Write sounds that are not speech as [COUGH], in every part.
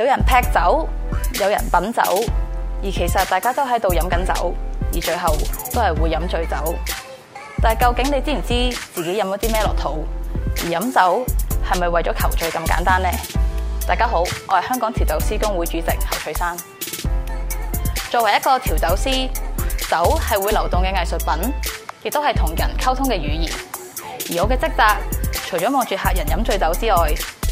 有人劈酒，有人品酒，而其實大家都喺度飲緊酒，而最後都係會飲醉酒。但係究竟你知唔知自己飲咗啲咩落肚？而飲酒係咪為咗求醉咁簡單呢？大家好，我係香港調酒師工會主席侯翠山。作為一個調酒師，酒係會流動嘅藝術品，亦都係同人溝通嘅語言。而我嘅職責，除咗望住客人飲醉酒之外，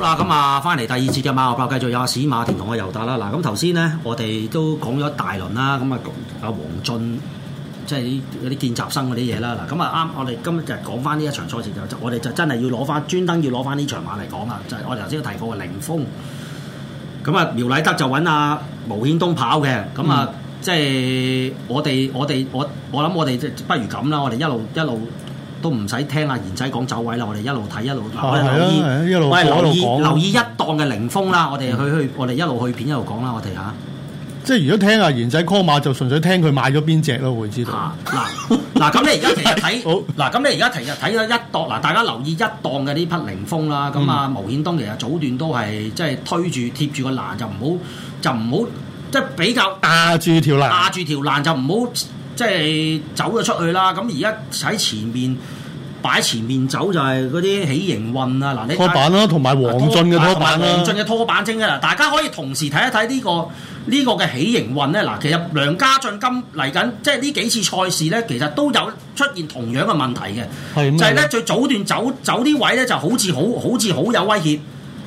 啦咁啊，翻嚟第二節嘅馬後砲繼續有阿史馬田同我尤達啦。嗱，咁頭先咧，我哋都講咗大輪啦。咁啊，阿黃俊即係嗰啲見習生嗰啲嘢啦。嗱，咁啊啱，我哋今日講翻呢一場賽事就，我哋就真係要攞翻專登要攞翻呢場馬嚟講啊！就係，我哋頭先都提過嘅凌風。咁啊，苗禮德就揾阿毛顯東跑嘅。咁啊，嗯，即係我哋我哋我我諗我哋即係不如咁啦。我哋一路一路。一路都唔使聽阿賢仔講走位啦，我哋一路睇一路，留意，我哋留意留意一檔嘅凌峰啦，我哋去去，我哋一路去片一路講啦，我哋吓，即係如果聽阿賢仔 call 碼，就純粹聽佢買咗邊隻咯，會知道。嗱嗱，咁你而家其實睇，嗱咁你而家其實睇咗一檔嗱，大家留意一檔嘅呢匹凌峰啦，咁啊毛顯東其實早段都係即係推住貼住個欄就唔好就唔好即係比較壓住條欄壓住條欄就唔好。即係走咗出去啦，咁而家喺前面擺前面走就係嗰啲喜迎運啊！嗱，拖板咯、啊，同埋黃俊嘅拖板啦、啊，黃俊嘅拖板精啦，大家可以同時睇一睇呢個呢、呢個嘅喜迎運咧。嗱，其實梁家俊今嚟緊即係呢幾次賽事咧，其實都有出現同樣嘅問題嘅，係就係咧最早段走走啲位咧就好似好好似好有威脅。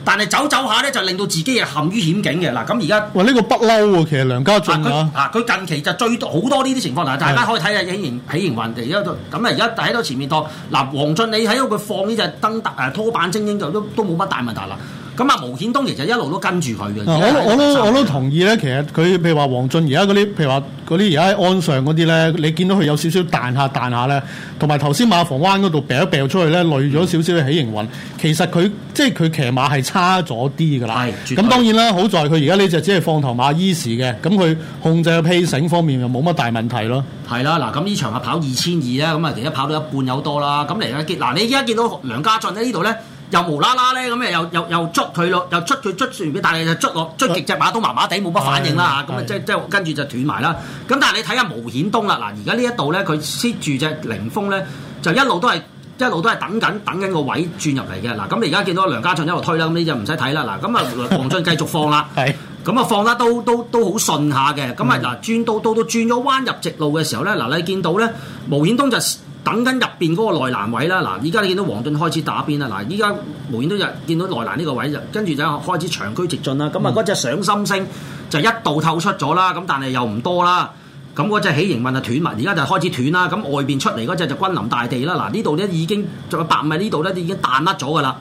但係走走下咧，就令到自己係陷於險境嘅。嗱，咁而家喂呢個不嬲喎，其實梁家俊啊，佢、啊啊、近期就最多好多呢啲情況，嗱，大家可以睇下形形喜形萬地，家為咁啊，而家喺喺度前面當嗱、啊、黃俊，你喺度佢放呢隻燈塔拖板精英就都都冇乜大問題啦。咁啊，毛顯東其實一路都跟住佢嘅。我我都我都同意咧，其實佢譬如話黃俊，而家嗰啲譬如話嗰啲而家喺鞍上嗰啲咧，你見到佢有少少彈下彈下咧，同埋頭先馬房灣嗰度掟一掟出去咧，累咗少少嘅起形雲，嗯、其實佢即係佢騎馬係差咗啲㗎啦。咁當然啦，好在佢而家呢隻只係放頭馬 easy 嘅，咁佢控制個披繩方面又冇乜大問題咯。係啦，嗱，咁呢場啊跑二千二啊，咁啊，而家跑到一半有多啦，咁嚟啦結。嗱，你而家見到梁家俊喺呢度咧。又無啦啦咧，咁誒又又又捉佢咯，又捉佢捉住完，但係就捉落捉極隻馬都麻麻地，冇乜反應啦嚇，咁啊即即跟住就斷埋啦。咁但係你睇下毛顯東啦，嗱而家呢一度咧，佢設住隻凌風咧，就一路都係一路都係等緊等緊個位轉入嚟嘅。嗱，咁你而家見到梁家俊一路推啦，咁你就唔使睇啦。嗱，咁啊黃俊繼續放啦，咁啊 [LAUGHS] 放得都都都好順下嘅。咁啊嗱， [MUSIC] 嗯、轉到到到轉咗彎入直路嘅時候咧，嗱你見到咧毛顯東就是。等緊入邊嗰個內欄位啦，嗱，依家你見到黃俊開始打邊啦，嗱，依家無限都日見到內欄呢個位就跟住就開始長驅直進啦，咁啊嗰隻上心星就一度透出咗啦，咁但係又唔多啦，咁嗰隻喜盈運就斷雲，而家就開始斷啦，咁外邊出嚟嗰隻就君臨大地啦，嗱，呢度咧已經仲有百米，呢度咧已經彈甩咗噶啦。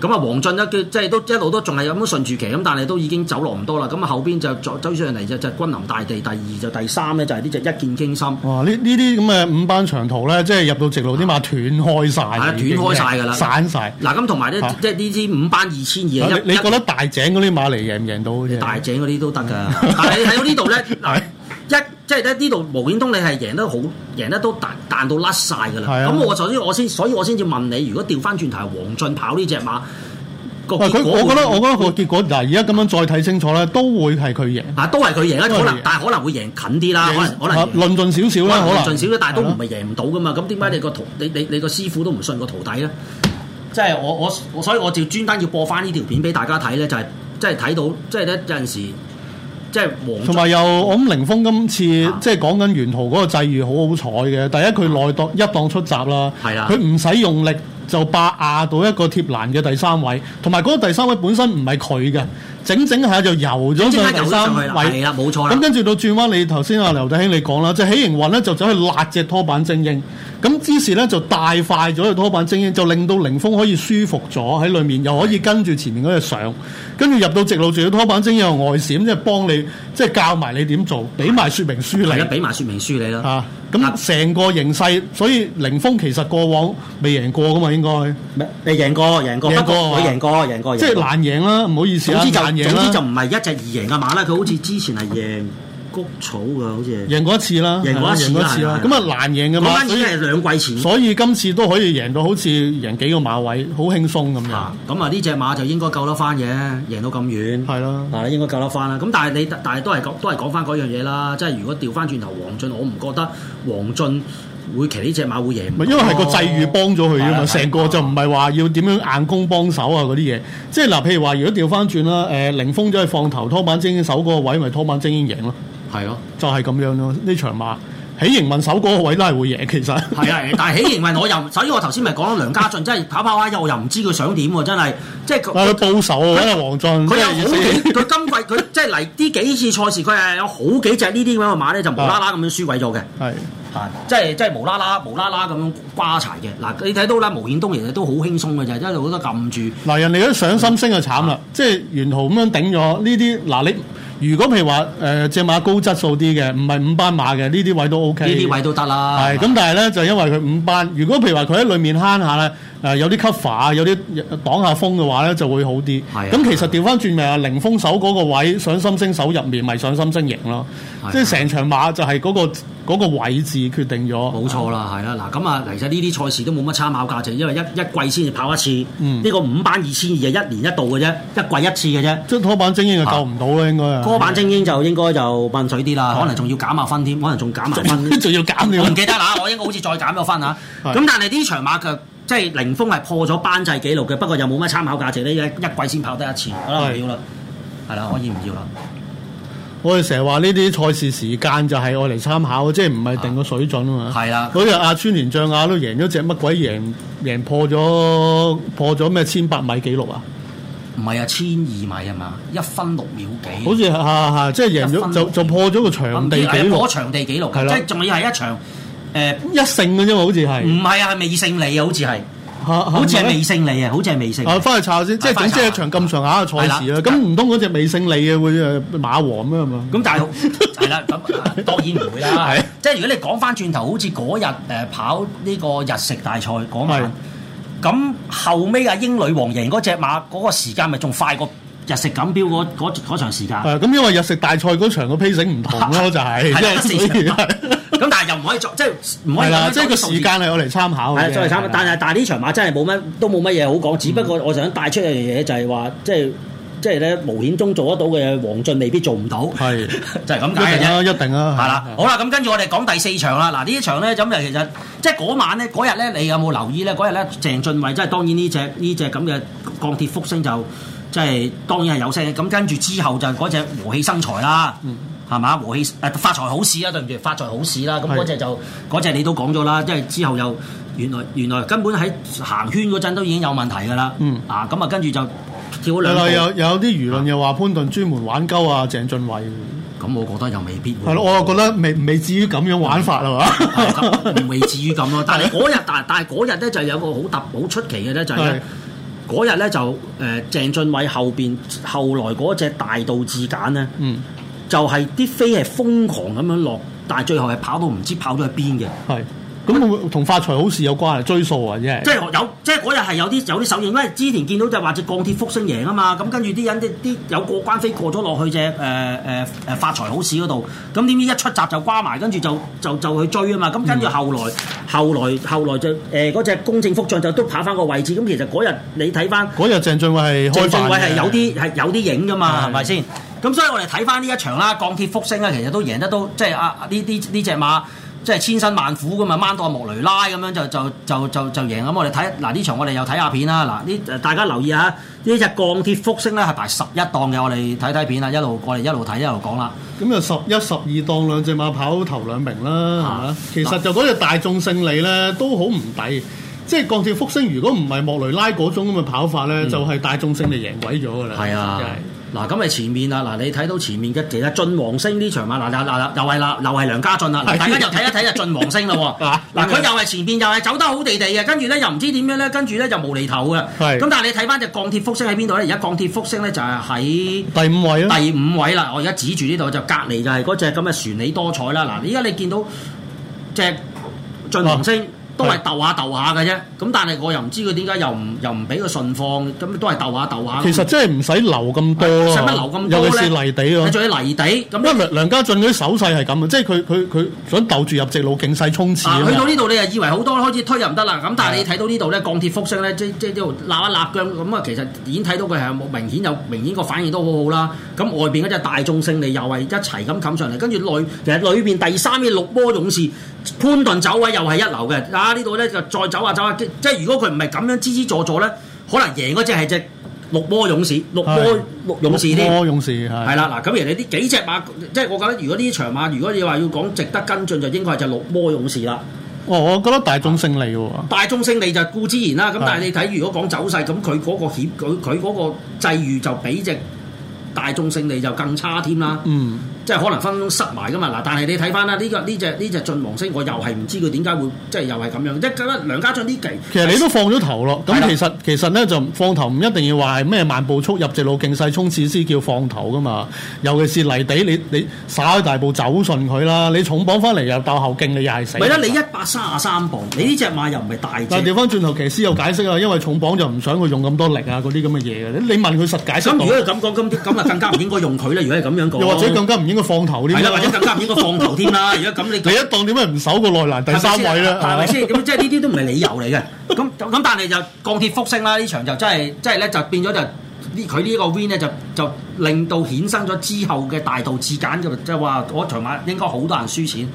咁啊，黃俊咧，即係都一路都仲係咁順住期，咁但係都已經走落唔多啦。咁啊，後邊就再走上嚟，就就君臨大地，第二就、第三咧，就係呢隻一見驚心。哇！呢呢啲咁嘅五班長途咧，即係入到直路啲馬、啊、斷開晒。啊、斷開晒㗎啦，散晒。嗱，咁同埋咧，即係呢啲、啊、五班二千二，你你覺得大井嗰啲馬嚟贏唔贏到啫？大井嗰啲都得㗎， [LAUGHS] 但係喺呢度咧 [LAUGHS] 即係咧，呢度毛影通，你係贏得好，贏得都彈彈到甩晒噶啦。咁我首先我先，所以我先至問你，如果調翻轉頭，黃進跑呢隻馬個我覺得我覺得個結果嗱，而家咁樣再睇清楚咧，都會係佢贏。啊，都係佢贏啦，可能但係可能會贏近啲啦，可能可能論盡少少啦，可能論盡少少，但係都唔係贏唔到噶嘛。咁點解你個徒，你你你個師傅都唔信個徒弟咧？即係我我所以我就專登要播翻呢條片俾大家睇咧，就係即係睇到，即係咧有陣時。即係，同埋又，我諗凌峰今次，啊、即係講緊沿途嗰個際遇好好彩嘅。第一，佢內檔，啊、一檔出閘啦，佢唔使用力就霸壓到一個貼欄嘅第三位，同埋嗰個第三位本身唔係佢嘅。啊整整下就遊咗三位，係啦，冇錯啦。咁跟住到轉彎，你頭先阿劉德興你講啦，即係喜盈雲咧就走去辣隻拖板精英，咁之時咧就大快咗隻拖板精英，就令到凌峰可以舒服咗喺裏面，又可以跟住前面嗰隻上，跟住入到直路仲要拖板精英外閃，即係幫你，即係教埋你點做，俾埋說明書你。係啦，俾埋說明書你啦。嚇，咁成個形勢，所以凌峰其實過往未贏過噶嘛，應該。誒贏過，贏過，贏過，我贏過，贏過。即係難贏啦，唔好意思。總之就唔係一隻二贏嘅馬啦，佢好似之前係贏谷草嘅，好似贏過一次啦，贏過一次啦。咁啊難贏嘅，嗰班女係兩季前，所以今次都可以贏到好似贏幾個馬位，好輕鬆咁樣。咁啊呢隻馬就應該夠得翻嘅，贏到咁遠，係啦，應該夠得翻啦。咁但係你但係都係講都係講翻嗰樣嘢啦，即係如果調翻轉頭，黃俊我唔覺得黃俊。會騎呢隻馬會贏，唔係因為係個際遇幫咗佢啊嘛，成、哦、個就唔係話要點樣硬攻幫手啊嗰啲嘢，即係嗱，譬如話如果調翻轉啦，誒、呃、凌峰走去放頭，拖板精英手嗰個位，咪拖板精英贏咯，係咯、啊，就係咁樣咯，呢場馬。喜盈問首嗰位都係會贏，其實係啊，但係喜盈問我又，首先我頭先咪講啦，梁家俊真係跑跑下又，又唔知佢想點喎，真係即係佢、哎、報仇啊！黃俊，佢有好幾，佢今季佢即係嚟啲幾次賽事，佢係有好幾隻呢啲咁嘅馬咧，就無啦啦咁樣輸鬼咗嘅，係對、啊啊啊、即係即係無啦啦無啦啦咁樣瓜柴嘅。嗱、啊，你睇到啦，巫顯東其實都好輕鬆嘅就一路都得撳住。嗱、啊，人哋都啲上心星就慘啦，啊、即係沿途咁樣頂咗呢啲嗱你。啊你如果譬如話誒，隻、呃、馬高質素啲嘅，唔係五班馬嘅，呢啲位都 OK。都是呢啲位都得啦。係，咁但係咧就因為佢五班。如果譬如話佢喺裏面慳下咧。誒有啲 cover 啊，有啲擋下風嘅話咧就會好啲。係。咁其實調翻轉咪啊，凌風守嗰個位，上心星守入面咪上心星型咯。即係成場馬就係嗰個嗰個位置決定咗。冇錯啦，係啦。嗱咁啊，其實呢啲賽事都冇乜參考價值，因為一一季先至跑一次。呢個五班二千二係一年一度嘅啫，一季一次嘅啫。即係拖板精英就救唔到啦，應該。拖板精英就應該就笨水啲啦，可能仲要減下分添，可能仲減下分，仲要減我唔記得啦，我應該好似再減咗分嚇。咁但係呢場馬佢。即係凌峰係破咗班制紀錄嘅，不過又冇乜參考價值。呢一季先跑得一次，我啦要啦，係啦，可以唔要啦。我哋成日話呢啲賽事時間就係愛嚟參考，即係唔係定個水準啊嘛。係啦天，嗰日阿川田將雅都贏咗隻乜鬼贏，贏破咗破咗咩千百米紀錄米啊？唔係啊，千二米啊嘛，一分六秒幾？好似係係，即係贏咗就就破咗個場地紀錄，即係仲要係一場。啊啊啊誒，一勝嘅啫嘛，好似係。唔係啊，係未勝利啊，好似係。好似係未勝利啊，好似係未勝。啊，翻去查下先，即係總之一場咁上下嘅賽事啦。咁唔通嗰隻未勝利嘅會啊馬王咩係？咁但係係啦，咁當然唔會啦。即係如果你講翻轉頭，好似嗰日誒跑呢個日食大賽嗰晚，咁後尾阿英女王贏嗰隻馬，嗰個時間咪仲快過？日食錦標嗰嗰嗰場時間係咁、嗯，因為日食大賽嗰場個 pacing 唔同咯，就係即係咁，但係又唔可以作即係唔可以即係時間係我嚟參考嘅。係作為參，但係但係呢場馬真係冇乜都冇乜嘢好講，只不過我想帶出樣嘢就係話即係。就係即係咧，無險中做得到嘅嘢，黃俊未必做唔到，係是就係咁解嘅啫。一定啊，係啦的，的好啦，咁跟住我哋講第四場啦。嗱，呢一場咧，咁就其實即係嗰晚咧，嗰日咧，你有冇留意咧？嗰日咧，鄭俊偉即係當然呢隻呢隻咁嘅鋼鐵福星就即係當然係有聲嘅。咁跟住之後就嗰隻和氣生財啦，係嘛、嗯？和氣誒發財好市啊，對唔住，發財好市啦。咁嗰隻就嗰隻的你都講咗啦，即係之後又原來，原來，原，來，原，來原來根本喺行圈嗰陣都已經有問題㗎啦、嗯嗯。嗯啊，咁啊跟住就。嗯嗯有啦，有有啲輿論又話潘頓專門玩鳩啊，鄭俊偉。咁、嗯、我覺得又未必。係咯，我又覺得未未至於咁樣玩法係嘛？唔的 [LAUGHS] 未至於咁咯。 [LAUGHS] 但係嗰日但係嗰日咧就有個好突好出奇嘅咧，就係、是、嗰的日咧就誒、呃、鄭俊偉後邊後來嗰隻大道至簡咧，嗯、就係啲飛係瘋狂咁樣落，但係最後係跑，跑到唔知跑到去邊嘅。咁同發財好事有關追啊？追數啊，即係即係有，即係嗰日係有啲有啲手影，因為之前見到就話隻鋼鐵福星贏啊嘛，咁跟住啲人啲啲有過關飛過咗落去隻誒誒誒發財好事嗰度，咁點知一出閘就瓜埋，跟住就就就，就去追啊嘛，咁跟住後來、嗯、後來後來就誒嗰隻公正福將就都跑翻個位置，咁其實嗰日你睇翻嗰日鄭俊偉係，鄭俊偉係有啲係有啲影噶嘛，係咪先？咁、嗯、所以我哋睇翻呢一場啦，鋼鐵福星啊，其實都贏得到，即、就、係、是、啊呢呢呢隻馬。即係千辛萬苦咁啊，掹到阿莫雷拉咁樣就就就就就贏咁，我哋睇嗱呢場我哋又睇下片啦嗱，呢大家留意一下呢隻鋼鐵復星咧係排十一檔嘅，我哋睇睇片啦，一路過嚟一路睇一路講啦。咁啊十一十二檔兩隻馬跑頭兩名啦，係咪、啊、其實就嗰隻大眾勝利咧都好唔抵，即係鋼鐵復星如果唔係莫雷拉嗰種咁嘅跑法咧，嗯、就係大眾勝利贏鬼咗㗎啦。係啊。嗱，咁係前面啦，嗱，你睇到前面嘅，其實進黃星呢場嘛，嗱，嗱，嗱，又係啦，又係梁家俊啦，大家就睇睇 [LAUGHS] 又睇一睇啊，進黃星咯喎，嗱，佢又係前邊又係走得好地地嘅，跟住咧又唔知點樣咧，跟住咧就無厘頭嘅，咁是但係你睇翻隻鋼鐵福星喺邊度咧？而家鋼鐵福星咧就係喺第五位啦，第五位啦，我而家指住呢度就隔離就係嗰隻咁嘅船裏多彩啦，嗱，而家你見到隻進黃星。啊都係鬥下鬥下嘅啫，咁但係我又唔知佢點解又唔又唔俾佢順放，咁都係鬥下鬥下。其實真係唔使留咁多咯，要要留多，尤其是泥地咯，你泥地咁。因為梁家俊嗰啲手勢係咁，即係佢佢佢想鬥住入直路警世衝刺、啊、去到呢度你係以為好多開始推又唔得啦，咁但係你睇到呢度咧鋼鐵復星咧，即即係呢度立一立嘅，咁啊其實已經睇到佢係冇明顯有明顯個反應都好好啦。咁外邊嗰隻大眾勝利又係一齊咁冚上嚟，跟住內其實裏邊第三嘅綠波勇士。潘頓走位又係一流嘅，啊呢度咧就再走下、啊、走下、啊，即係如果佢唔係咁樣支支坐坐咧，可能贏嗰隻係隻綠魔勇士，綠魔是綠，綠勇士啲，綠的魔勇士係。係啦，嗱，咁人哋呢幾隻馬，即係我覺得，如果呢啲場馬，如果你話要講值得跟進，就應該係隻綠魔勇士啦。哦，我覺得大眾勝利喎、哦。大眾勝利就固之然啦，咁但係你睇，如果講走勢，咁佢嗰個險，佢佢嗰個際遇就比隻大眾勝利就更差添啦。嗯。即係可能分分鐘塞埋噶嘛。嗱，但係你睇翻啦，呢、這個呢隻呢隻進黃星，我又係唔知佢點解會即係又係咁樣。一間梁家俊呢期，其實你都放咗頭咯。咁是其實其實咧就放頭唔一定要話咩慢步速入直路勁勢衝刺先叫放頭噶嘛。尤其是泥地，你你撒開大步走順佢啦。你重磅翻嚟又鬥後勁，你又係死。咪啦的，你一百三十三磅，的你呢隻馬又唔係大，但調翻轉頭，騎師有解釋啊，因為重磅就唔想佢用咁多力啊，嗰啲咁嘅嘢。你問佢實解釋。咁如果咁講，咁咁啊更加唔應該用佢咧。如果係咁樣講， [LAUGHS] 又或者更加唔應。放頭啲，係啦， [LAUGHS] 或者更加險過放頭添啦。而家咁你你第一檔點解唔守個內欄第三位咧？係咪先？咁即係呢啲都唔係理由嚟嘅。咁咁但係就鋼鐵復升啦。呢場就真係即係咧，就變咗就呢佢呢個 win 咧，就就令到衍生咗之後嘅大道至簡就就話我尋晚應該好多人輸錢，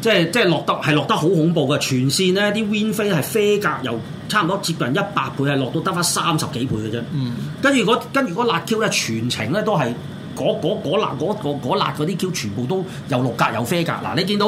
即係即係落得係落得好恐怖嘅。全線呢啲 win 飛係飛格，由差唔多接近一百倍，係落到得翻三十幾倍嘅啫。嗯，跟住我、嗰個、跟住辣 Q 咧，全程咧都係。都嗰嗰嗰啲叫全部都有六格，有啡格，嗱，你見到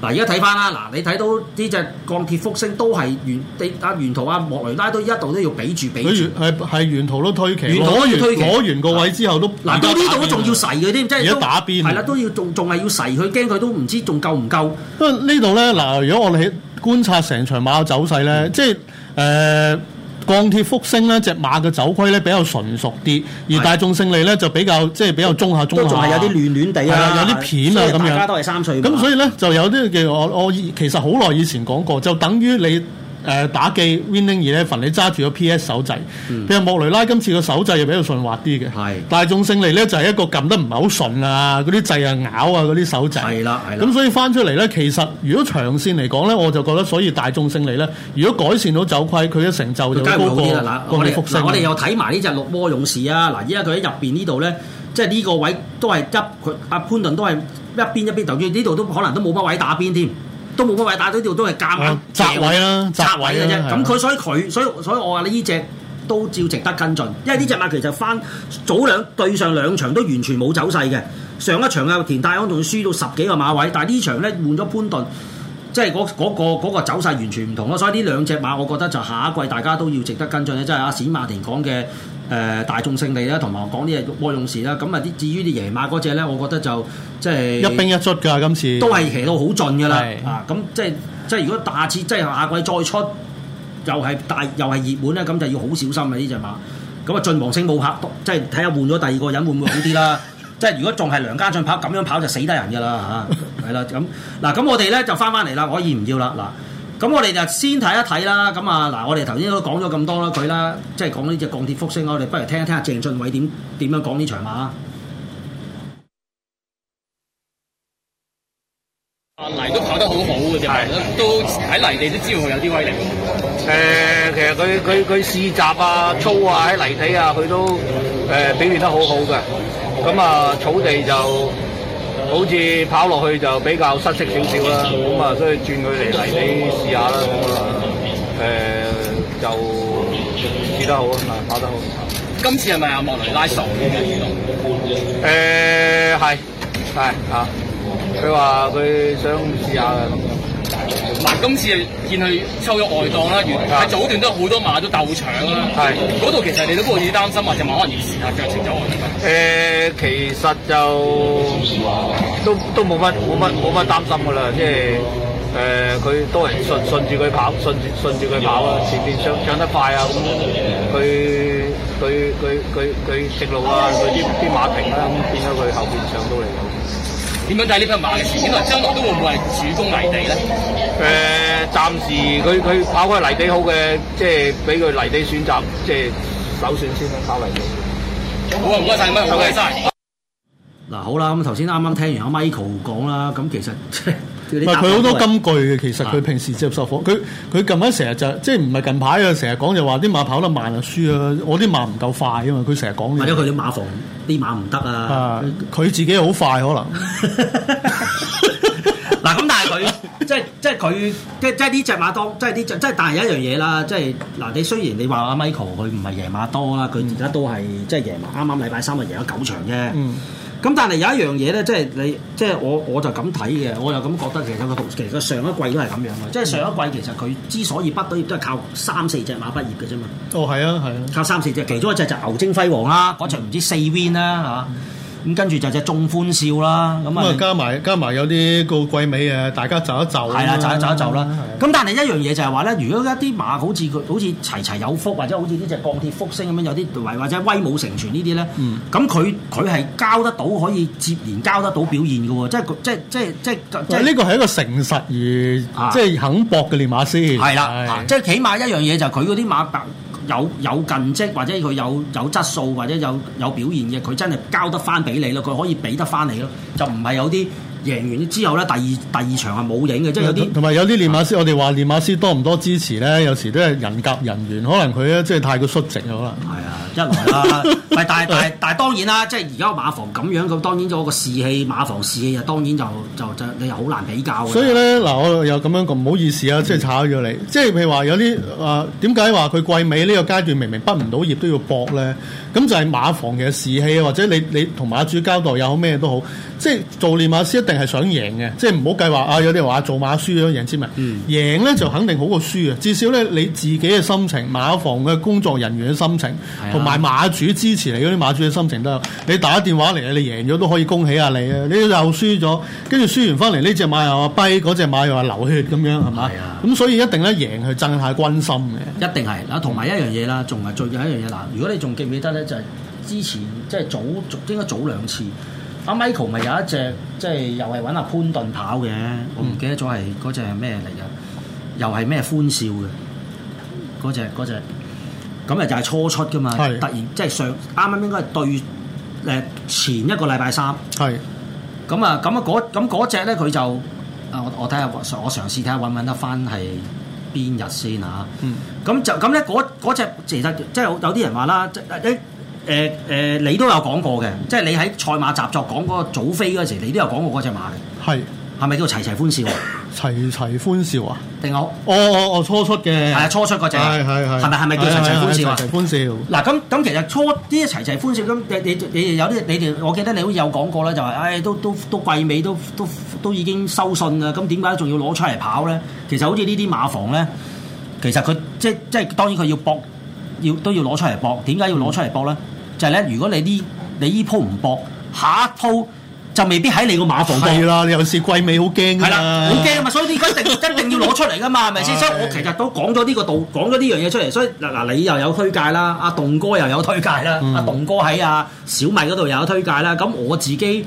嗱，而家睇翻啦嗱，你睇到呢隻鋼鐵復星都係原啲啊原圖啊莫雷拉都一度都要俾住俾住，係係原圖都推旗攞完攞利對完個位之後都嗱到呢度都仲要細佢添。即係而家打邊，都係啦，都要仲仲係要細佢，驚佢都唔知仲夠唔夠。不過呢度咧嗱，如果我哋喺觀察成場馬嘅走勢咧，即係誒。鋼鐵復星呢隻馬嘅走規咧比較純熟啲，而大眾勝利咧就比較即係比較中下中下。仲係有啲亂亂地啊，有啲片啊咁樣。家都係三歲、啊。咁所以咧就有啲嘅我我其實好耐以前講過，就等於你。誒、呃、打機 Winning Eleven，凡、e、你揸住個 PS 手掣，佢話、嗯、莫雷拉今次個手掣又比較順滑啲嘅。係的大眾勝利咧就係、是、一個撳得唔係好順啊，嗰啲掣啊咬啊嗰啲手掣。係啦係啦。咁、嗯、所以翻出嚟咧，其實如果長線嚟講咧，我就覺得所以大眾勝利咧，如果改善到走規，佢嘅成就就高啲啦、啊。我哋嗱、啊、我哋又睇埋呢隻綠魔勇士啊！嗱依家佢喺入邊呢度咧，即係呢個位都係一佢阿、啊、潘頓都係一,一邊一邊，就算呢度都可能都冇乜位打邊添。都冇乜位打到掉，都係夾硬扎位啦，扎位嘅啫。咁佢所以佢所以所以我話你呢隻都照值得跟進，因為呢隻馬其實翻早兩對上兩場都完全冇走勢嘅。上一場嘅田泰安仲要輸到十幾個馬位，但係呢場咧換咗潘頓，即係嗰嗰個走勢完全唔同咯。所以呢兩隻馬，我覺得就下一季大家都要值得跟進咧，即係阿史馬田講嘅。誒、呃、大眾勝利啦，同埋我講啲嘢搏用事啦，咁啊啲至於啲爺馬嗰隻咧，我覺得就即係一兵一卒㗎，今次都係騎到好盡㗎啦，嚇是、啊！咁即係即係如果下次即係下季再出，又係大又係熱門咧，咁就要好小心啦！呢隻馬咁啊，進王勝冇客，即係睇下換咗第二個人會唔會好啲啦？即係如果仲係梁家俊跑咁樣跑就死得人㗎啦嚇，係啦咁嗱，咁、 [LAUGHS] 啊、我哋咧就翻翻嚟啦，可以唔要啦嗱。喇喇咁我哋就先睇一睇啦。咁啊，嗱，我哋頭先都講咗咁多啦，佢啦，即係講呢隻鋼鐵福星啦。我哋不如聽一聽阿鄭俊偉點點樣講呢場馬。泥都跑得好好嘅啫，都喺泥地都知道佢有啲威力。誒，其實佢佢佢試閘啊、操啊喺泥地啊，佢都誒表現得好好嘅。咁啊，草地就。好似跑落去就比較失色少少啦，咁啊、嗯，所以轉佢嚟嚟你試下啦，咁啊，誒、呃、就試得好啊，跑得好。嗯、今次係咪阿莫雷拉索嘅？誒係係啊，佢話佢想試下啊。嗯。嗱，今次見佢抽咗外檔啦，喺早段都好多馬都鬥搶啦，嗰度是其實你都無必要擔心，或者馬可能易事下腳程走。誒、呃，其實就都都冇乜冇乜冇乜擔心噶啦，即係誒佢都係順順住佢跑，順住順住佢跑啊，前邊上上得快啊，咁佢佢佢佢佢直路啊，佢啲啲馬停啦、啊，咁變咗佢後邊上到嚟。點樣睇呢匹馬？嘅事？咁將來都會唔會係主攻泥地咧？誒、呃，暫時佢佢跑開泥地好嘅，即係俾佢泥地選擇，即係首選先啦，跑泥地。嗯、好啊，唔該晒，唔該晒。嗱，好啦，咁頭先啱啱聽完阿 Michael 講啦，咁其實。呵呵佢好多金句嘅，其實佢平時接受貨，佢佢近排成日就即係唔係近排啊，成日講就話啲馬跑得慢啊，輸啊，我啲馬唔夠快，啊嘛，佢成日講。或者佢啲馬房啲馬唔得啊。佢、啊、它自己好快可能。嗱咁、 [LAUGHS] 啊，但係佢即係即係佢即即呢隻馬多，即係呢隻即係但係有一樣嘢啦，即係嗱你雖然你話阿 Michael 佢唔係贏馬多啦，佢而家都係、嗯、即係贏馬啱啱禮拜三日贏咗九場啫。嗯咁但係有一樣嘢咧，即係你即係我我就咁睇嘅，我又咁覺得其實佢其實上一季都係咁樣嘅，即係上一季其實佢之所以畢業都係靠三四隻馬畢業嘅啫嘛。哦，係啊，係啊，靠三四隻，其中一隻就牛精輝煌啦、啊，嗰、嗯、場唔知四 win 啦嚇。嗯咁、嗯、跟住就隻眾歡笑啦，咁、嗯、啊加埋加埋有啲高貴美，嘅，大家就一就啦，係啦就一就一就啦。咁但係一樣嘢就係話咧，如果一啲馬好似佢好似齊齊有福，或者好似呢隻鋼鐵福星咁樣，有啲或者威武成全呢啲咧，咁佢佢係交得到可以接連交得到表現嘅喎、啊，即係即即即即即呢個係一個誠實而即係肯搏嘅練馬師。係啦，即係起碼一樣嘢就係佢嗰啲馬有有近績，或者佢有有質素，或者有有表現嘅，佢真係交得翻俾你咯，佢可以俾得翻你咯，就唔係有啲。贏完之後咧，第二第二場係冇影嘅，即係有啲同埋有啲練馬師，是啊、我哋話練馬師多唔多支持咧？有時都係人夾人緣，可能佢咧即係太過率直可能係啊，一來啦、啊，喂， [LAUGHS] 但係但係但係當然啦、啊，即係而家馬房咁樣，咁當然咗個士氣，馬房士氣啊，當然就就就你係好難比較。啊、所以咧，嗱，我又咁樣咁唔好意思啊，即係是、啊、炒咗你，即係譬如話有啲啊，點解話佢季尾呢個階段明明畢唔到業都要搏咧？咁就係馬房嘅士氣啊，或者你你同馬主交代又好咩都好，即係做練馬師一定係想贏嘅，即係唔好計劃啊！有啲人話做馬輸咗、嗯、贏千明，贏咧就肯定好過輸啊。至少咧你自己嘅心情、馬房嘅工作人員嘅心情，同埋、啊、馬主支持你嗰啲馬主嘅心情都，有。你打電話嚟你贏咗都可以恭喜下你啊，你又輸咗，跟住輸完翻嚟呢隻馬又話跛，嗰隻馬又話流血咁樣係嘛？咁、啊嗯、所以一定咧贏係振下軍心嘅，一定係嗱，同埋一樣嘢啦，仲係最緊一樣嘢嗱，如果你仲記唔記得就係之前即係早，應該早兩次。阿 Michael 咪有一隻，即係又係揾阿潘頓跑嘅。嗯、我唔記得咗係嗰隻係咩嚟嘅，又係咩歡笑嘅嗰隻嗰隻。咁啊就係初出㗎嘛，是的 突然即係上啱啱應該係對誒前一個禮拜三。係咁啊，咁啊嗰咁嗰隻呢佢就啊，我我睇下我我嘗試睇下揾唔揾得返係。變日先、啊、嗯，咁就咁咧。嗰嗰隻其實即係有啲人話啦，即誒誒誒，你都有講過嘅，即係你喺賽馬習作講嗰個組飛嗰陣時，你都有講過嗰隻馬嘅，係係咪叫齊齊歡笑？ [LAUGHS] 齊齊歡笑啊？定我？哦哦哦，初出嘅係啊，初出嗰隻係咪係咪叫齊齊歡笑啊？齊 [NOISE] 歡笑嗱，咁咁 [NOISE] 其實初啲齊齊歡笑咁，你你你有啲你哋，我記得你好似有講過啦，就係、是、唉，都都都季尾都都都已經收信啦，咁點解仲要攞出嚟跑咧？其實好似呢啲馬房咧，其實佢即係即係當然佢要搏，要都要攞出嚟搏。點解要攞出嚟搏咧？嗯、就係咧，如果你啲你呢鋪唔搏，下一鋪。就未必喺你個馬房地啦，你又是，的是貴尾好驚㗎。係啦，好驚啊嘛，所以啲雞食一定要攞出嚟㗎嘛，係咪先？所以我其實都講咗呢個道，講咗呢樣嘢出嚟。所以嗱嗱，你又有推介啦，阿棟哥又有推介啦，嗯、阿棟哥喺啊小米嗰度又有推介啦。咁我自己即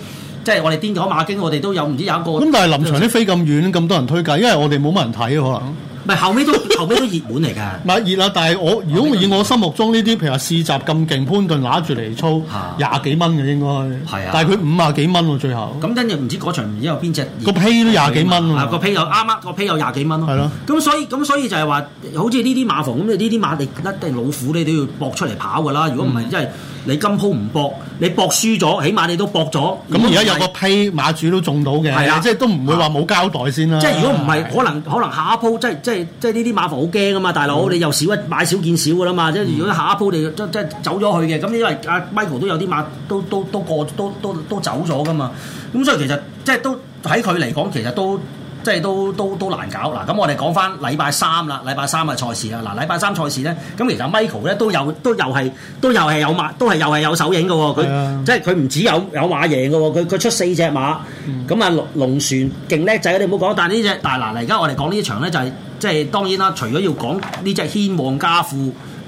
係我哋癲咗馬經，我哋都有唔知有一個。咁但係臨場啲飛咁遠咁多人推介，因為我哋冇乜人睇啊，可能。嗯唔係 [LAUGHS] 後尾都後尾都熱門嚟㗎。唔係熱啊，但係我如果以我心目中呢啲，譬如話試集咁勁，潘頓拿住嚟操，廿、啊、幾蚊嘅應該。係啊，但係佢五廿幾蚊喎、啊啊、最後。咁跟住唔知嗰場唔知有邊隻。個批都廿幾蚊喎、啊。個批又啱啱，個批有廿、啊啊、幾蚊咯、啊。係咯、啊。咁、嗯、所以咁所以就係話，好似呢啲馬房咁，呢啲馬你一定老虎咧都要搏出嚟跑㗎啦。如果唔係，真係、嗯。你今鋪唔搏，你搏輸咗，起碼你都搏咗。咁而家有個批馬主都中到嘅，的即係都唔會話冇交代先啦。即係的的如果唔係，可能可能下一鋪即即即即係即係即係呢啲馬房好驚㗎嘛，大佬、嗯、你又少一買少見少㗎啦嘛。即係如果下一鋪你即即係走咗去嘅，咁因為阿、啊、Michael 都有啲馬都都都過都都都走咗㗎嘛。咁所以其實即係都喺佢嚟講，其實都。即係都都都難搞嗱，咁我哋講翻禮拜三啦，禮拜三嘅賽事啦，嗱禮拜三賽事呢。咁其實 Michael 呢都有都又係都又係有馬，都係又係有手影嘅喎，佢、嗯、即係佢唔止有有馬贏嘅喎，佢佢出四隻馬，咁啊、嗯、龍船勁叻仔，你唔好講，但係呢隻大嗱，嚟而家我哋講呢場呢，就係即係當然啦，除咗要講呢隻軒旺家富，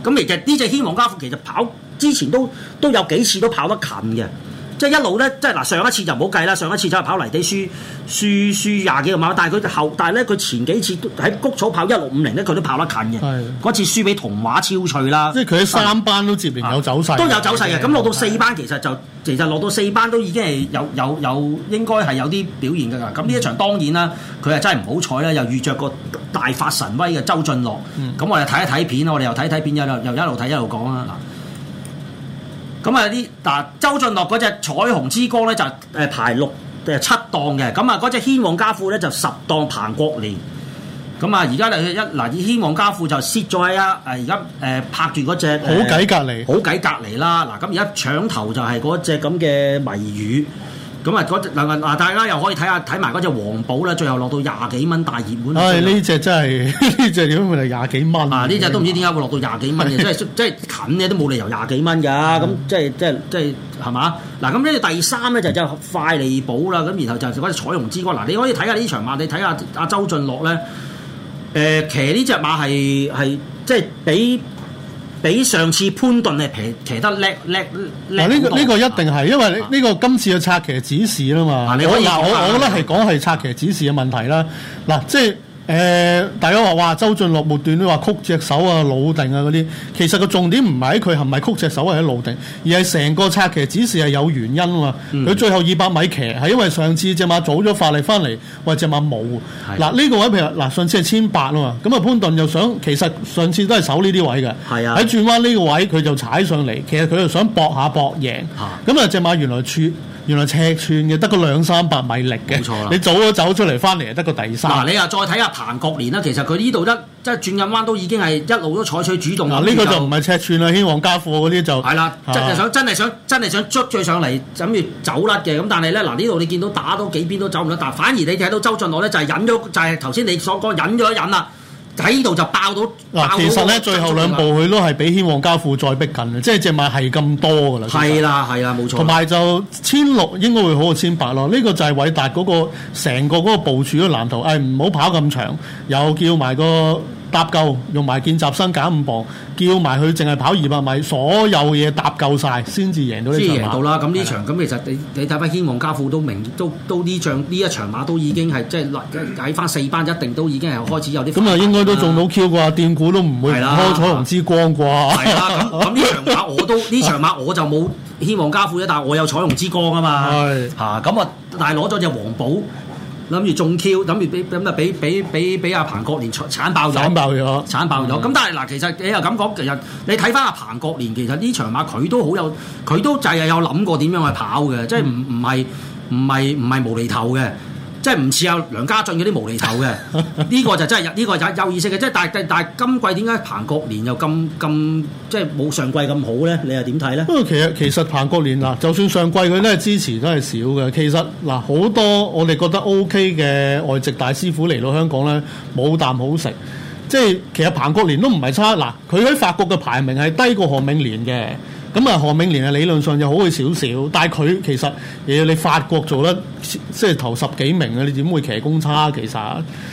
咁其實呢隻軒旺家富其實跑之前都有都有幾次都跑得近嘅。即係一路咧，即係嗱，上一次就唔好計啦。上一次就係跑泥地輸輸輸廿幾個馬，但係佢後，但係咧佢前幾次喺谷草跑一六五零咧，佢都跑得近嘅。係嗰的次輸俾童話超脆啦。即係佢喺三班都接連有走勢，但啊、都有走勢嘅。咁落、啊、到四班其實就的其實落到四班都已經係有有有應該係有啲表現㗎。咁呢一場當然啦，佢係真係唔好彩啦，又遇着個大發神威嘅周俊樂。咁、嗯、我哋睇一睇片，我哋又睇睇片，又一路睇一路講啊。咁啊啲嗱，周俊樂嗰隻彩虹之歌咧就誒排六誒七檔嘅，咁啊嗰隻軒旺家父咧就十檔彭國年，咁啊而家咧一嗱，軒旺家父就蝕咗喺啊！而家誒拍住嗰隻好鬼隔離，好鬼隔離啦！嗱，咁而家搶頭就係嗰隻咁嘅謎語。咁啊，嗰嗱嗱，大家又可以睇下睇埋嗰隻黃寶啦，最後落到廿幾蚊大熱門。唉、哎，呢隻後真係呢隻點會係廿幾蚊？啊，呢隻都唔知點解會落到廿幾蚊嘅，即係即係近嘅都冇理由廿幾蚊㗎，咁即係即係即係係嘛？嗱、就是，咁呢咧第三咧就隻快利寶啦，咁然後就嗰隻彩虹之光。嗱，你可以睇下呢場馬，你睇下阿周俊樂咧，誒、呃、騎呢隻馬係係即係畀。比上次潘頓咧騎，騎得叻叻叻，呢個呢、呢個一定係，因為呢、啊、個今次嘅拆騎指示啦嘛。嗱、啊、我你可以我覺得係講係拆騎指示嘅問題啦。嗱、啊、即係。誒，大家進話話周俊樂末段都話曲隻手啊、老定啊嗰啲，其實個重點唔係喺佢係咪曲屈隻手，係喺老定，而係成個策騎指示係有原因啊嘛。佢最後二百米騎係因為上次隻馬早咗發力翻嚟，或者馬冇。嗱呢的個位譬如嗱上次係千八啊嘛，咁啊潘頓又想其實上次都係守呢啲位嘅，喺的轉彎呢個位佢就踩上嚟，其實佢又想搏下搏贏。咁啊隻馬原來處。原來尺寸嘅，得個兩三百米力嘅，冇錯啦。你早咗走出嚟，翻嚟啊，得個第三個。嗱，你又再睇下彭國年啦，其實佢呢度得即係轉緊彎，都已經係一路都採取主動。嗱，呢、這個就唔係尺寸啦，軒王家貨嗰啲就係啦喇、啊，真係想真係想真係想捉住上嚟，諗住走甩嘅。咁但係咧，嗱呢度你見到打多幾鞭都走唔甩，但反而你睇到周俊樂咧就係忍咗，就係頭先你所講忍咗一忍啦。喺呢度就爆到嗱。其實咧最後兩步佢了都係畀希望家富再逼近。嘅，即係淨買係咁多噶啦。係啦、啊，係啦、啊，冇錯。同埋就千六應該會好過千八咯。呢、這個就係偉達嗰、那個成個嗰個部署嘅藍圖。誒唔好跑咁長，又叫埋個。搭夠用埋見習生減五磅，叫埋佢淨係跑二百米，所有嘢搭夠晒，先至贏到呢場馬，贏到啦！咁呢場咁是的 其實你你睇返希望家富都明都都呢場呢一場馬都已經係即係喺翻四班一定都已經係開始有啲咁啊，應該都中到 Q 啩？電鼓都唔會唔開彩虹之光啩？係啦，咁咁呢場馬我都呢 [LAUGHS] 場馬我就冇希望家富啫，但係我有彩虹之光啊嘛。係嚇咁啊！但係攞咗隻黃寶。諗住中 Q，諗住俾，咁就俾俾俾俾阿彭國連慘爆咗，慘爆咗，慘爆咗。咁、嗯、但係嗱，其實你又咁講，其實你睇翻阿彭國連，其實呢場馬佢都好有，佢都就係有諗過點樣去跑嘅，即係唔唔係唔係唔係無厘頭嘅。即係唔似有梁家俊嗰啲無厘頭嘅，呢 [LAUGHS] 個就真係呢、個有有意識嘅。即係但係但係今季點解彭國年又咁咁即係冇上季咁好咧？你又點睇咧？不過其實其實彭國年嗱，就算上季佢都係支持都係少嘅。其實嗱，好多我哋覺得 O K 嘅外籍大師傅嚟到香港咧，冇啖好食，即係其實彭國年都唔係差嗱。佢喺法國嘅排名係低過何永年嘅。咁啊，賀銘年啊，理論上就好嘅少少，但係佢其實，如你法國做得即係頭十幾名啊，你點會騎公差啊？其實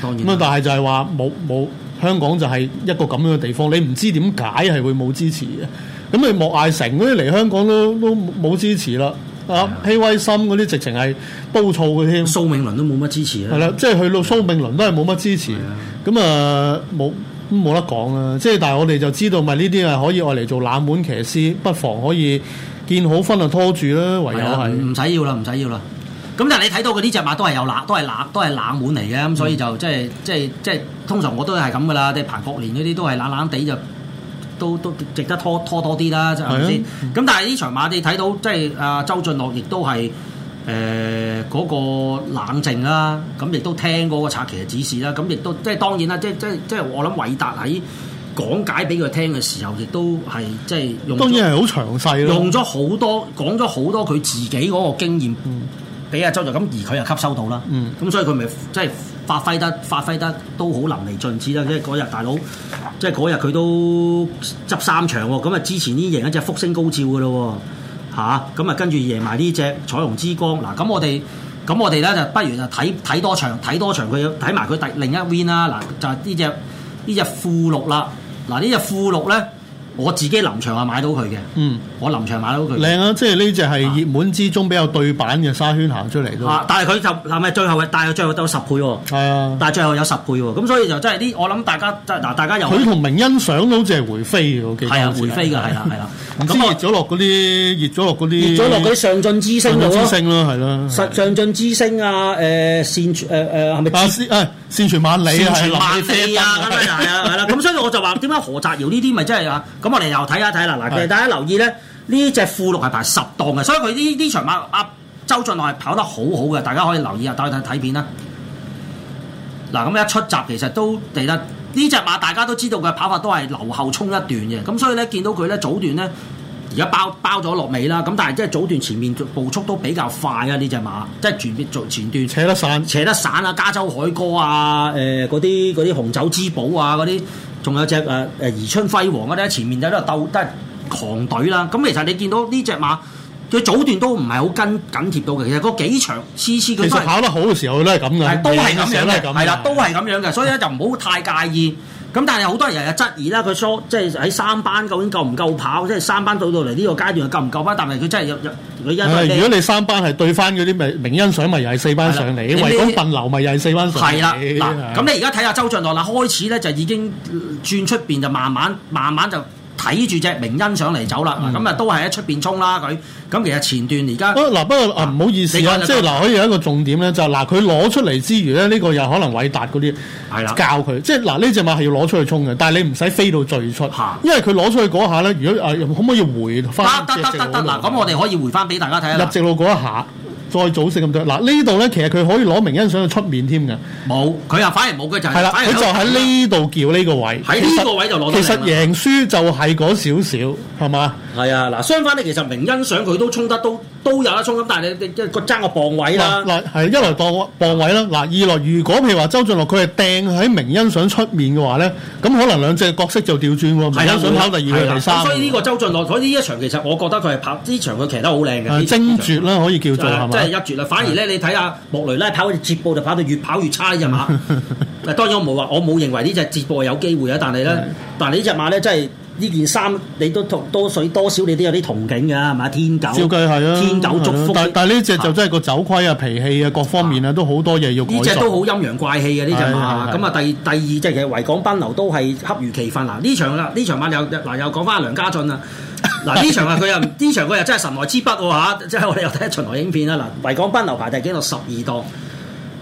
當然咁，但係就係話冇冇香港就係一個咁樣嘅地方，你唔知點解係會冇支持嘅。咁啊，莫艾成嗰啲嚟香港都都冇支持啦，啊的，希威森嗰啲直情係煲醋嘅添。蘇銘倫都冇乜支持啊。係啦，即係去到蘇銘倫都係冇乜支持。咁啊的，冇。呃都冇得講啊，即係但係我哋就知道咪呢啲係可以愛嚟做冷門騎師，不妨可以見好分就拖住啦。唯有係唔使要啦，唔使要啦。咁但係你睇到佢呢隻馬都係有冷，都係冷，都係冷門嚟嘅，咁所以就、嗯、即係即係即係通常我都係咁噶啦，即係彭國連嗰啲都係冷冷地就都都值得拖拖多啲啦，係咪先？咁是、啊、但係呢場馬你睇到即係啊周俊樂亦都係。誒嗰、呃那個冷靜啦、啊，咁亦都聽嗰個策騎嘅指示啦、啊，咁亦都即係當然啦，即即即係我諗偉達喺講解俾佢聽嘅時候，亦都係即係用當然係好詳細、啊、用咗好多講咗好多佢自己嗰個經驗，嗯，俾阿周就咁而佢又吸收到啦，嗯，咁所以佢咪即係發揮得發揮得都好淋漓盡致啦，即係嗰日大佬即係嗰日佢都執三場喎、啊，咁啊之前呢贏一隻福星高照嘅咯喎。嚇咁啊！跟住贏埋呢隻彩虹之光嗱，咁、啊、我哋咁我哋咧就不如就睇睇多場睇多場佢睇埋佢第另一邊、啊、啦嗱就係呢隻呢、啊、隻富六啦嗱呢隻富六咧我自己臨場啊買到佢嘅嗯我臨場買到佢靚啊！即係呢隻係熱門之中比較對版嘅沙圈行出嚟都但係佢就係咪最後，但係最後到十倍喎，啊，但係最後有十倍喎，咁、啊啊、所以就真係啲。我諗大家真係嗱，大家又佢同明欣賞到就係回飛嘅，係啊，我記得回飛嘅係啦，係啦。咁熱咗落嗰啲，熱咗落嗰啲，熱咗落嗰啲上進之星上進之星啦，係啦，上上進之星啊，誒、呃，線傳誒誒，係、呃、咪？是是啊，線線傳萬里啊，線傳萬里啊，咁啊的，係啊，係啦。 [LAUGHS] 咁所以我就話，點解何澤堯呢啲咪真係啊？咁、就是、我哋又睇下睇嗱嗱，大家留意咧，呢隻富六係排十檔嘅，所以佢呢呢場馬阿周俊樂係跑得好好嘅，大家可以留意下，大家睇片啦。嗱，咁一出閘其實都地得。呢隻馬大家都知道嘅跑法都係留後衝一段嘅，咁所以咧見到佢咧早段咧而家包包咗落尾啦，咁但係即係早段前面步速都比較快啊！呢隻馬即係前面前段扯得散，扯得散啊！加州海哥啊，誒嗰啲嗰啲紅酒之寶啊，嗰啲仲有隻誒誒宜春輝煌嗰啲，前面有啲鬥得狂隊啦、啊。咁、嗯、其實你見到呢隻馬。佢早段都唔係好跟緊貼到嘅，其實嗰幾場黐黐嘅。其實跑得好嘅時候都係咁嘅，都係咁樣嘅，係啦，都係咁樣嘅，所以咧就唔好太介意。咁但係好多人又質疑啦，佢疏即係喺三班究竟夠唔夠跑？即係三班到到嚟呢個階段又夠唔夠翻？但係佢真係入入佢如果你三班係對翻嗰啲明明欣上，咪又係四班上嚟，唯獨笨流咪又係四班上嚟。係啦，嗱，咁你而家睇下周俊樂嗱，開始咧就已經轉出邊，就慢慢慢慢就。睇住隻明音上嚟走面啦，咁啊都係喺出邊衝啦佢。咁其實前段而家，嗱、啊啊，不過啊唔好意思啊，即係嗱可以有一個重點咧，就是，就嗱佢攞出嚟之餘咧，呢、這個又可能偉達嗰啲了教佢，即係嗱呢隻馬係要攞出去衝嘅，但係你唔使飛到最出，因為佢攞出去嗰下咧，如果啊可唔可以回翻？得得得得嗱，咁我哋可以回翻俾大家睇下。逆直路嗰一下。再組成咁多嗱，呢度咧其實佢可以攞名恩賞去出面添嘅。冇沒，佢啊反而冇嘅就係，反而佢就喺呢度叫呢個位，喺呢個位就攞得。其實贏輸就係嗰少少。係嘛？係啊！嗱，相反咧，其實明欣賞佢都衝得都都有得衝咁，但係你你即係爭個磅位啦。嗱，係一來當磅位啦。嗱，二來如果譬如話周俊樂佢係掟喺明欣賞出面嘅話咧，咁可能兩隻角色就調轉喎。明欣賞跑第二，第三。所以呢個周俊樂，所以呢一場其實我覺得佢係跑呢場佢騎得好靚嘅。精絕啦，可以叫做即嘛？係一絕啦！反而咧，你睇下莫雷拉跑去似捷步就跑到越跑越差咋嘛。嗱，當然我冇話，我冇認為呢隻捷步係有機會啊！但係咧，但係呢隻馬咧真係。呢件衫你都同多，多水多少你都有啲同景㗎係嘛？天狗照計係啊，天狗祝福但但。但但呢隻就真係個走規啊，是脾氣啊各方面啊都好多嘢要改。呢隻都好陰陽怪氣嘅呢隻咁啊，第第二隻其實維港奔流都係恰如其分嗱。呢場啦，呢場晚又嗱又講翻梁家俊啦。嗱呢場啊佢 [LAUGHS] 又呢場佢又真係神來之筆喎。即係我哋又睇一巡台影片啦嗱。維港奔流排第幾多？十二度。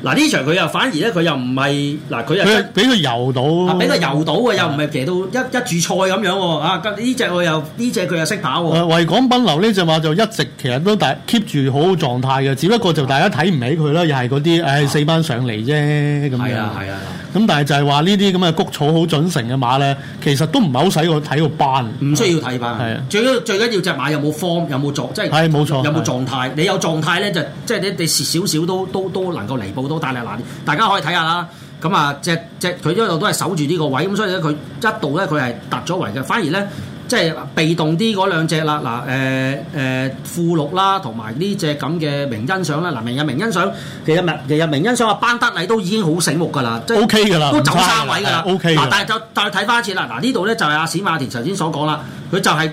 嗱呢場佢又反而咧，佢又唔係嗱，佢又俾佢遊到，俾佢遊到嘅又唔係騎到一一注賽咁樣喎啊！呢隻我又呢隻佢又識跑喎。維港奔流呢隻馬就一直其實都大 keep 住好好狀態嘅，只不過就大家睇唔起佢啦，又係嗰啲誒四班上嚟啫咁樣。係啊係啊，咁但係就係話呢啲咁嘅谷草好準成嘅馬咧，其實都唔係好使個睇個班，唔需要睇班。係啊，最緊要隻馬有冇 form 有冇狀即係係冇錯，有冇狀態？你有狀態咧就即係你你蝕少少都都都能夠彌補。都大力嗱，大家可以睇下啦。咁啊，只只佢一度都係守住呢個位，咁所以咧，佢一度咧佢係突咗圍嘅。反而咧，即係被動啲嗰兩隻啦。嗱、呃，誒誒富六啦，同埋呢隻咁嘅明欣上啦。嗱，明日明欣上其實物，其實明欣上啊，班德禮都已經好醒目㗎啦，即係 OK 㗎啦，都走三位㗎啦但，OK 嗱，但係就但係睇翻一次啦。嗱，呢度咧就係阿史馬田頭先所講啦，佢就係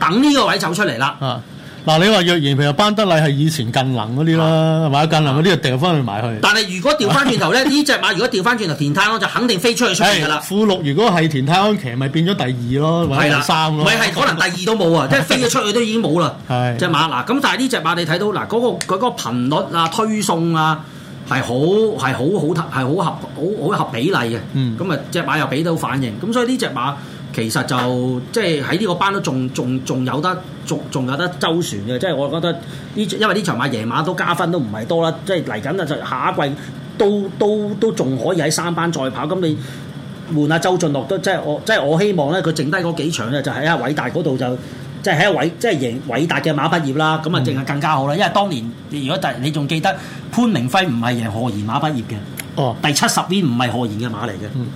等呢個位走出嚟啦。啊嗱，你話若然譬如班德麗係以前近能嗰啲啦，或者啊，近臨嗰啲就掉翻去買去。但係如果調翻轉頭咧，呢隻馬如果調翻轉頭田太安就肯定飛出去出嚟噶啦。富六如果係田太安騎，咪變咗第二咯，或者第三咯。咪係可能第二都冇啊，即係飛咗出去都已經冇啦。係隻馬嗱，咁但係呢隻馬你睇到嗱，嗰個佢嗰個頻率啊、推送啊係好係好好係好合好好合比例嘅。咁啊，隻馬又俾到反應，咁所以呢隻馬。其實就即係喺呢個班都仲仲仲有得仲仲有得周旋嘅，即係我覺得呢，因為呢場馬，贏馬都加分都唔係多啦，即係嚟緊啊，就下一季都都都，都仲可以喺三班再跑。咁你換阿周俊樂都，即係我即係我希望咧，佢剩低嗰幾場咧，就喺、是、阿偉，偉大嗰度就即係喺阿偉即係贏偉大嘅馬畢業啦。咁啊，淨係更加好啦，嗯、因為當年如果但係你仲記得潘明輝唔係贏何賢馬畢業嘅哦，第七十邊唔係何賢嘅馬嚟嘅。嗯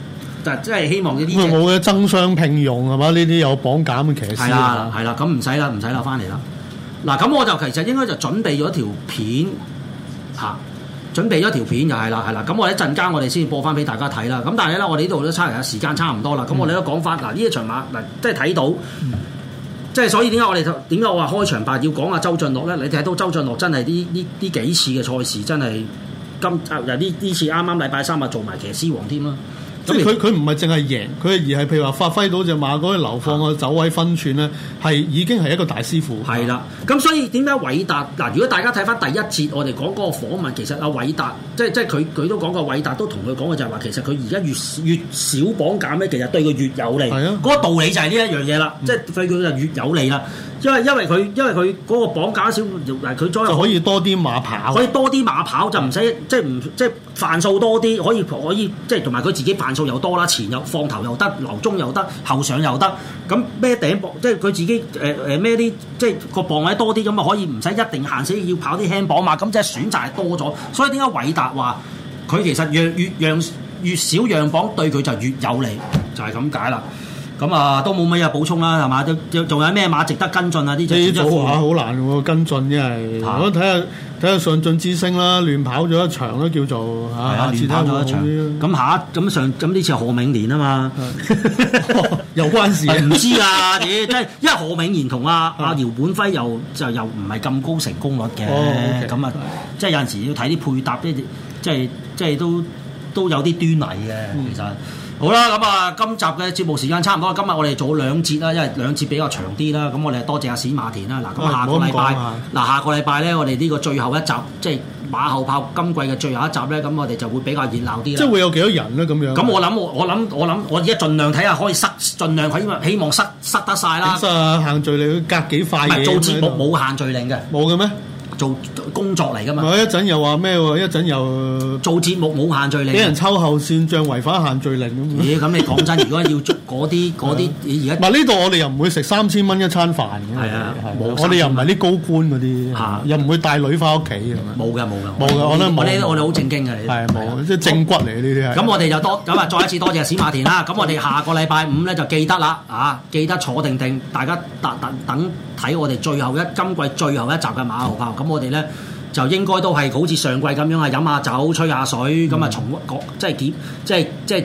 就即係希望呢啲冇嘅爭相聘用係嘛？呢啲有綁減嘅騎師啦，係啦，係啦，咁唔使啦，唔使攞翻嚟啦。嗱，咁我就其實應該就準備咗條片嚇、啊，準備咗條片就係啦，係啦。咁、啊啊、我一陣間我哋先播翻俾大家睇啦。咁但係咧，我哋呢度都差人時間差唔多、嗯、啦。咁我哋都講翻嗱，呢一場馬嗱，即係睇到，嗯、即係所以點解我哋點解我話開場白要講下周俊樂咧？你睇到周俊樂真係呢呢呢幾次嘅賽事真係今呢呢次啱啱禮拜三做啊做埋騎師王添啦。即係佢佢唔係淨係贏，佢而係譬如話發揮到隻馬嗰啲流放啊走位分寸咧，係已經係一個大師傅。係啦，咁所以點解偉達嗱？如果大家睇返第一節我哋講嗰個訪問，其實阿偉達即係即係佢佢都講過，偉達都同佢講嘅就係話，其實佢而家越越少綁架咧，其實對佢越有利。係啊的，嗰個道理就係呢一樣嘢啦，嗯、即係對佢就越有利啦。因為因為佢因為佢嗰個磅架少，嗱佢再可以，可以多啲馬跑，可以多啲馬跑就唔使即係唔即係範數多啲，可以可以即係同埋佢自己範數又多啦，前又放頭又得，留中又得，後上又得，咁孭頂磅即係佢自己誒誒孭啲即係個磅位多啲咁啊，可以唔使一定限死要跑啲輕磅嘛。咁即係選擇係多咗。所以點解偉達話佢其實越越，越，越讓越少讓磅對佢就越有利，就係、是、咁解啦。咁啊，都冇乜嘢補充啦，係嘛？都仲有咩馬值得跟進啊？呢啲補下好難喎，跟進真係。我睇的下睇下上進之星啦，亂跑咗一場啦，叫做嚇亂跑咗一場。咁下一咁上咁呢次係何永年啊嘛？有是的 [LAUGHS] 關事唔知啊？啲即係因為何永年同阿阿姚本輝又就又唔係咁高成功率嘅。咁啊，即係、啊 okay. 有陣時要睇啲配搭，即係即係即係都都有啲端倪嘅，其實。好啦，咁啊，今集嘅節目時間差唔多，今日我哋做兩節啦，因為兩節比較長啲啦，咁我哋多謝阿史馬田啦。嗱，咁下個禮拜，嗱下個禮拜咧，我哋呢個最後一集，即係馬後炮今季嘅最後一集咧，咁我哋就會比較熱鬧啲啦。即係會有幾多人咧？咁樣咁我諗，我我諗，我諗，我而家盡量睇下可以塞，盡量佢希望塞塞得曬啦。塞限聚令隔幾塊嘢？做節目冇限聚令嘅。冇嘅咩？做工作嚟噶嘛？一陣又話咩喎？一陣又做節目冇限聚令抽，俾人秋後算賬，違反限聚令咁。咁你講真，如果要做？嗰啲嗰啲而家嗱，呢度，我哋又唔會食三千蚊一餐飯嘅。係啊係，我哋又唔係啲高官嗰啲，又唔會帶女返屋企嘅。冇嘅冇嘅，冇嘅。我哋我哋好正經嘅你。係冇，即係正骨嚟呢啲。咁我哋就多咁啊，再一次多謝史馬田啦。咁我哋下個禮拜五咧就記得啦，啊記得坐定定，大家等等睇我哋最後一今季最後一集嘅馬後炮。咁我哋咧就應該都係好似上季咁樣啊，飲下酒吹下水咁啊，重屈即係即係即係。